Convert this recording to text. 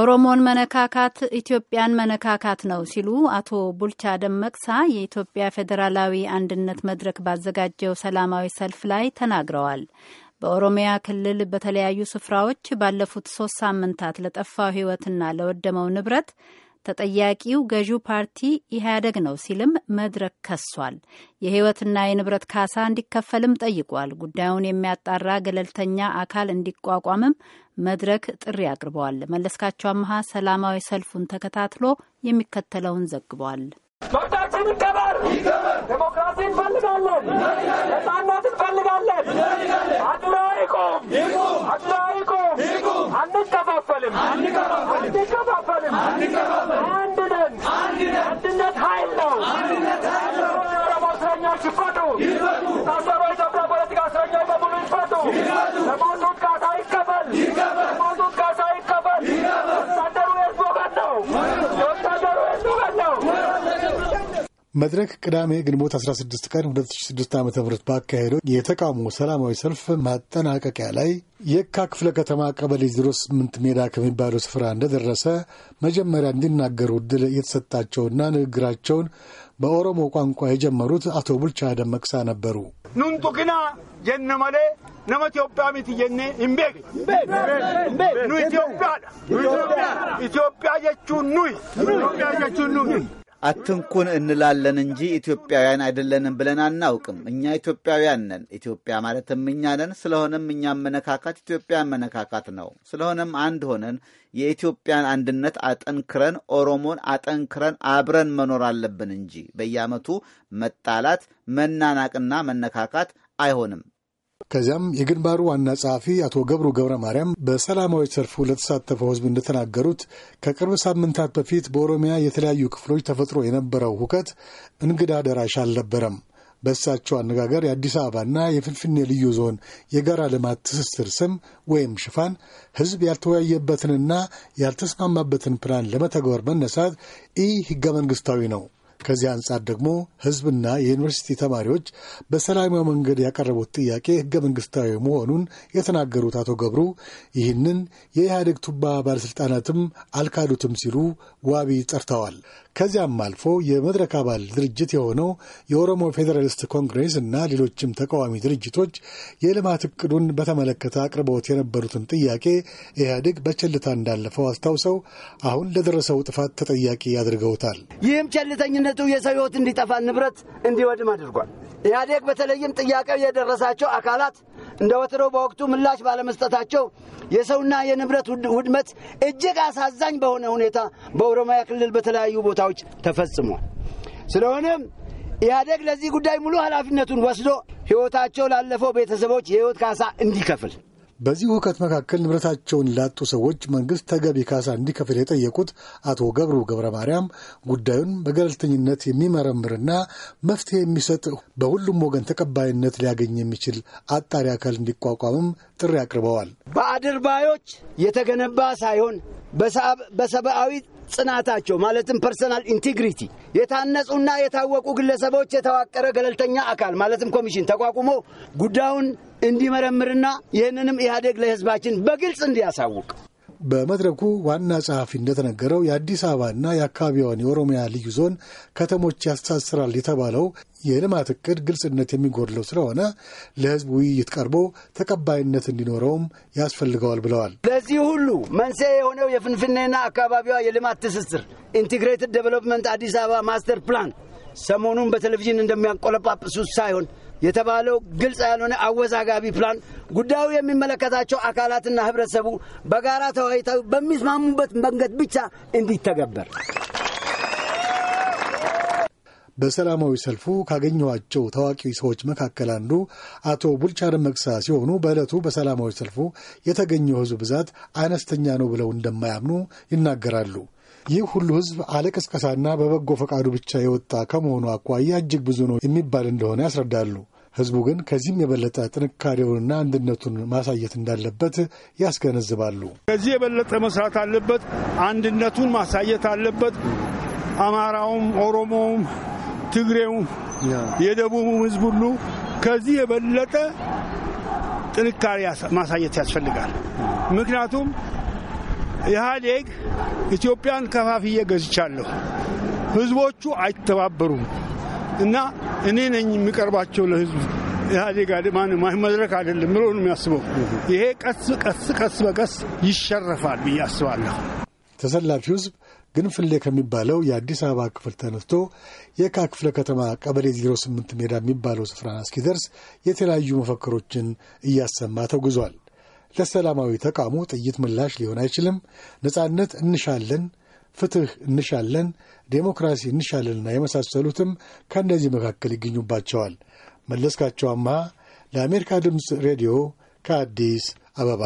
ኦሮሞን መነካካት ኢትዮጵያን መነካካት ነው ሲሉ አቶ ቡልቻ ደመቅሳ የኢትዮጵያ ፌዴራላዊ አንድነት መድረክ ባዘጋጀው ሰላማዊ ሰልፍ ላይ ተናግረዋል። በኦሮሚያ ክልል በተለያዩ ስፍራዎች ባለፉት ሶስት ሳምንታት ለጠፋው ሕይወትና ለወደመው ንብረት ተጠያቂው ገዢው ፓርቲ ኢህአደግ ነው ሲልም መድረክ ከሷል። የህይወትና የንብረት ካሳ እንዲከፈልም ጠይቋል። ጉዳዩን የሚያጣራ ገለልተኛ አካል እንዲቋቋምም መድረክ ጥሪ አቅርበዋል። መለስካቸው አመሃ ሰላማዊ ሰልፉን ተከታትሎ የሚከተለውን ዘግቧል። መብታችን ይከበር፣ ዲሞክራሲ እንፈልጋለን መድረክ ቅዳሜ ግንቦት 16 ቀን 2006 ዓ ም ባካሄደው የተቃውሞ ሰላማዊ ሰልፍ ማጠናቀቂያ ላይ የካ ክፍለ ከተማ ቀበሌ 08 ሜዳ ከሚባለው ስፍራ እንደደረሰ መጀመሪያ እንዲናገሩ ዕድል የተሰጣቸውና ንግግራቸውን በኦሮሞ ቋንቋ የጀመሩት አቶ ቡልቻ ደመቅሳ ነበሩ። ኑንጡቅና ጀነ መሌ ነመ ኢትዮጵያ ሚት ጀኔ እምቤክ ኑ ኢትዮጵያ ኢትዮጵያ ጀቹን ኑይ ኢትዮጵያ ጀቹን ኑይ አትንኩን እንላለን እንጂ ኢትዮጵያውያን አይደለንም ብለን አናውቅም። እኛ ኢትዮጵያውያን ነን። ኢትዮጵያ ማለትም እኛ ነን። ስለሆነም እኛ መነካካት ኢትዮጵያ መነካካት ነው። ስለሆነም አንድ ሆነን የኢትዮጵያን አንድነት አጠንክረን ኦሮሞን አጠንክረን አብረን መኖር አለብን እንጂ በየዓመቱ መጣላት፣ መናናቅና መነካካት አይሆንም። ከዚያም የግንባሩ ዋና ጸሐፊ አቶ ገብሩ ገብረ ማርያም በሰላማዊ ሰልፉ ለተሳተፈው ህዝብ እንደተናገሩት ከቅርብ ሳምንታት በፊት በኦሮሚያ የተለያዩ ክፍሎች ተፈጥሮ የነበረው ሁከት እንግዳ ደራሽ አልነበረም። በእሳቸው አነጋገር የአዲስ አበባና የፍንፍኔ ልዩ ዞን የጋራ ልማት ትስስር ስም ወይም ሽፋን ህዝብ ያልተወያየበትንና ያልተስማማበትን ፕላን ለመተግበር መነሳት ኢ ህገ መንግስታዊ ነው ከዚህ አንጻር ደግሞ ህዝብና የዩኒቨርሲቲ ተማሪዎች በሰላማዊ መንገድ ያቀረቡት ጥያቄ ህገ መንግስታዊ መሆኑን የተናገሩት አቶ ገብሩ ይህንን የኢህአዴግ ቱባ ባለሥልጣናትም አልካዱትም ሲሉ ዋቢ ጠርተዋል። ከዚያም አልፎ የመድረክ አባል ድርጅት የሆነው የኦሮሞ ፌዴራሊስት ኮንግሬስ እና ሌሎችም ተቃዋሚ ድርጅቶች የልማት እቅዱን በተመለከተ አቅርበውት የነበሩትን ጥያቄ ኢህአዴግ በቸልታ እንዳለፈው አስታውሰው አሁን ለደረሰው ጥፋት ተጠያቂ አድርገውታል። ይህም ቸልተኝነቱ የሰው እንዲጠፋ ንብረት እንዲወድም አድርጓል። ኢህአዴግ በተለይም ጥያቄው የደረሳቸው አካላት እንደ ወትሮ በወቅቱ ምላሽ ባለመስጠታቸው የሰውና የንብረት ውድመት እጅግ አሳዛኝ በሆነ ሁኔታ በኦሮሚያ ክልል በተለያዩ ቦታዎች ተፈጽሟል። ስለሆነም ኢህአዴግ ለዚህ ጉዳይ ሙሉ ኃላፊነቱን ወስዶ ሕይወታቸው ላለፈው ቤተሰቦች የሕይወት ካሳ እንዲከፍል በዚህ ሁከት መካከል ንብረታቸውን ላጡ ሰዎች መንግስት ተገቢ ካሳ እንዲከፍል የጠየቁት አቶ ገብሩ ገብረ ማርያም ጉዳዩን በገለልተኝነት የሚመረምርና መፍትሄ የሚሰጥ በሁሉም ወገን ተቀባይነት ሊያገኝ የሚችል አጣሪ አካል እንዲቋቋምም ጥሪ አቅርበዋል። በአድርባዮች የተገነባ ሳይሆን በሰብአዊ ጽናታቸው ማለትም ፐርሰናል ኢንቴግሪቲ የታነጹና የታወቁ ግለሰቦች የተዋቀረ ገለልተኛ አካል ማለትም ኮሚሽን ተቋቁሞ ጉዳዩን እንዲመረምርና ይህንንም ኢህአዴግ ለህዝባችን በግልጽ እንዲያሳውቅ በመድረኩ ዋና ጸሐፊ እንደተነገረው የአዲስ አበባና የአካባቢዋን የኦሮሚያ ልዩ ዞን ከተሞች ያስተሳስራል የተባለው የልማት እቅድ ግልጽነት የሚጎድለው ስለሆነ ለህዝብ ውይይት ቀርቦ ተቀባይነት እንዲኖረውም ያስፈልገዋል ብለዋል። ለዚህ ሁሉ መንስኤ የሆነው የፍንፍኔና አካባቢዋ የልማት ትስስር ኢንቲግሬትድ ዴቨሎፕመንት አዲስ አበባ ማስተር ፕላን ሰሞኑን በቴሌቪዥን እንደሚያንቆለጳጵሱ ሳይሆን የተባለው ግልጽ ያልሆነ አወዛጋቢ ፕላን ጉዳዩ የሚመለከታቸው አካላትና ህብረተሰቡ በጋራ ተወያይተው በሚስማሙበት መንገድ ብቻ እንዲተገበር። በሰላማዊ ሰልፉ ካገኘኋቸው ታዋቂ ሰዎች መካከል አንዱ አቶ ቡልቻ ደመቅሳ ሲሆኑ በዕለቱ በሰላማዊ ሰልፉ የተገኘው ህዝብ ብዛት አነስተኛ ነው ብለው እንደማያምኑ ይናገራሉ። ይህ ሁሉ ህዝብ አለቀስቀሳና በበጎ ፈቃዱ ብቻ የወጣ ከመሆኑ አኳያ እጅግ ብዙ ነው የሚባል እንደሆነ ያስረዳሉ። ህዝቡ ግን ከዚህም የበለጠ ጥንካሬውንና አንድነቱን ማሳየት እንዳለበት ያስገነዝባሉ። ከዚህ የበለጠ መስራት አለበት፣ አንድነቱን ማሳየት አለበት። አማራውም፣ ኦሮሞውም፣ ትግሬውም የደቡብም ህዝብ ሁሉ ከዚህ የበለጠ ጥንካሬ ማሳየት ያስፈልጋል። ምክንያቱም ኢህአዴግ ኢትዮጵያን ከፋፍዬ ገዝቻለሁ፣ ህዝቦቹ አይተባበሩም እና እኔ ነኝ የሚቀርባቸው ለህዝብ ኢህአዴግ ማንም መድረክ አይደለም ብሎ ነው የሚያስበው። ይሄ ቀስ ቀስ ቀስ በቀስ ይሸረፋል ብዬ አስባለሁ። ተሰላፊው ህዝብ ግንፍሌ ከሚባለው የአዲስ አበባ ክፍል ተነስቶ የካ ክፍለ ከተማ ቀበሌ 08 ሜዳ የሚባለው ስፍራ እስኪደርስ የተለያዩ መፈክሮችን እያሰማ ተጉዟል። ለሰላማዊ ተቃውሞ ጥይት ምላሽ ሊሆን አይችልም፣ ነጻነት እንሻለን ፍትህ እንሻለን፣ ዴሞክራሲ እንሻለንና የመሳሰሉትም ከእነዚህ መካከል ይገኙባቸዋል። መለስካቸው አምሃ ለአሜሪካ ድምፅ ሬዲዮ ከአዲስ አበባ